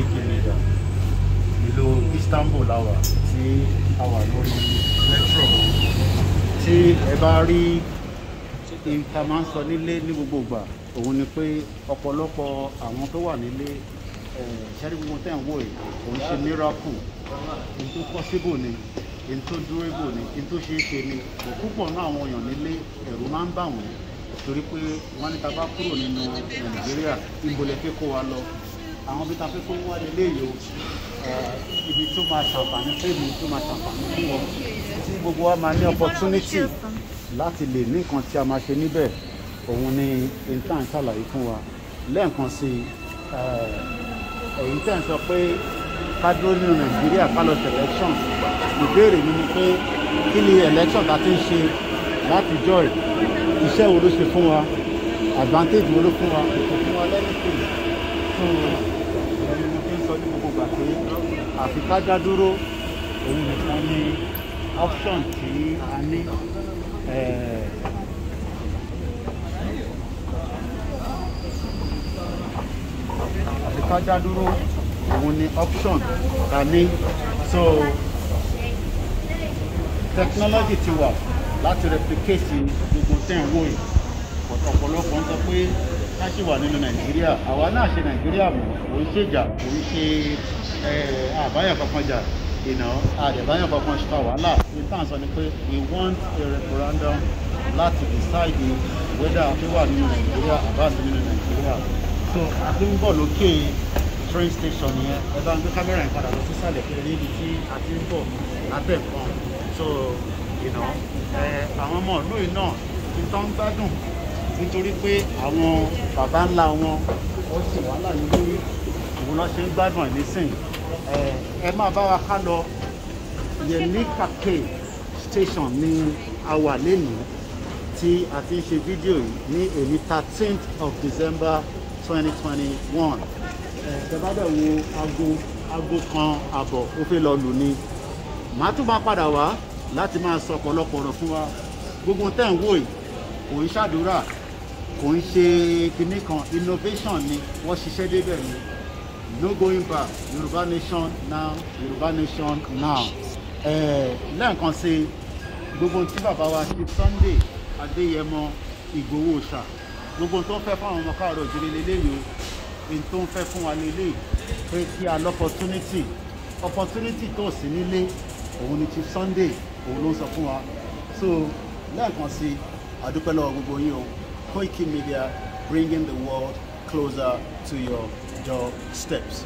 Ekele ìlú Istanbul làwà tí a wà lórí metro tí ẹ bá rí ìta máa ń sọ nílé ní gbogbo ìgbà òun ni pé ọ̀pọ̀lọpọ̀ àwọn tó wà nílé ṣẹ́rí gbogbo tẹ̀ ń wò yìí òun ṣe miracle ohun tó possible ni ohun tó durable ni ohun tó é ṣe ni púpọ̀ náà àwọn èèyàn nílé ẹ̀rù máa ń bà wọ́n torí pé wọ́n ní ta bá kúrò nínú Nàìjíríà ìbòlẹ̀ fẹ́ wa lọ àwọn bí tafẹ́ fún wá lé léyò ibi tó máa ṣàǹfààní fẹ́mi tó máa ṣàǹfààní fún wọn tí gbogbo wa máa ní opportunity láti lè ní nǹkan tí a máa ṣe níbẹ̀ òun ni ìta ń ṣàlàyé fún wa lẹ́ẹ̀kan sí èyí tẹ̀ ń sọ pé ká dúró nínú nàìjíríà ká election ìbéèrè mi ni pé kí ni election ta ti ń ṣe láti joy iṣẹ́ wo ló ṣe fún wa advantage wo ló fún wa kò fún wa lẹ́yìn tó ní gbogbo gbà pé àfi ká dá dúró òun nìkan ní option tí a ní. Eh, àfi ká dá dúró òun ní option tá a ní so technology ti wà láti replicate gbogbo tẹ̀ ń wò yìí ọ̀pọ̀lọpọ̀ ń sọ pé ká sì wà nínú nàìjíríà àwa náà ṣe nàìjíríà mọ̀ kò ń ṣèjà kò ń ṣe àbáyọ̀ kankan jà ìná àdẹ̀báyọ̀ kankan ṣe wàhálà ní tàn sọ ni pé we want a referendum láti decide whether a fi wà nínú nàìjíríà àbá sí nínú nàìjíríà so a ti ń bọ̀ lókè train station yẹn ẹ bá ń gbé kámẹ́rà yẹn padà lọ sísàlẹ̀ pé níbi tí a ti ń bọ̀ lábẹ́ kan so ìná àwọn ọmọ ìlú yìí náà ti tán gbádùn nítorí pé àwọn bàbá ńlá wọn ó sì wàhálà ní lórí òun náà ṣe ń gbádùn ẹ̀ nísìnyí ẹ máa bá wa ká lọ yẹmí kàkè station ní àwà lẹ́nìí tí a ti ń ṣe fídíò yìí ní èmi thirteenth of December twenty twenty one ẹ̀ẹ́dẹ́gbàdà wo aago aago kan àbọ̀ ó fẹ́ lọ lù ni màá tún máa padà wá láti máa sọ ọ̀pọ̀lọpọ̀ ọ̀rọ̀ fún wa gbogbo tẹ́ ń wò yìí kò ń ṣàdúrà kò ń ṣe kinní kan innovation ni wọ́n ṣiṣẹ́ débẹ̀ ni no going back Yorùbá nation now Yorùbá nation now lẹ́ẹ̀kan sí gbogbo tí bàbá wa ti Sunday Adéyẹmọ Ìgbòho ṣà gbogbo tó ń fẹ́ fún àwọn ọmọ káàárọ̀ òjìlé lélẹ́yìí o èyí tó ń fẹ́ fún wa lélẹ́yìí pé kí a lọ́pọ̀túnítì opportunity tó sí nílé òun ni ti Sunday òun ló ń sọ fún wa so lẹ́ẹ̀kan sí adúpẹ́ lọ́wọ́ gbogbo yín o. Koiki Media, bringing the world closer to your steps.